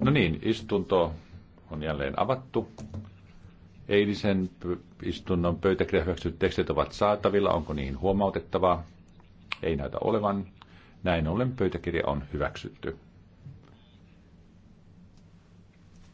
No niin, istunto on jälleen avattu. Eilisen istunnon pöytäkirja tekstit ovat saatavilla. Onko niihin huomautettavaa? Ei näytä olevan. Näin ollen pöytäkirja on hyväksytty.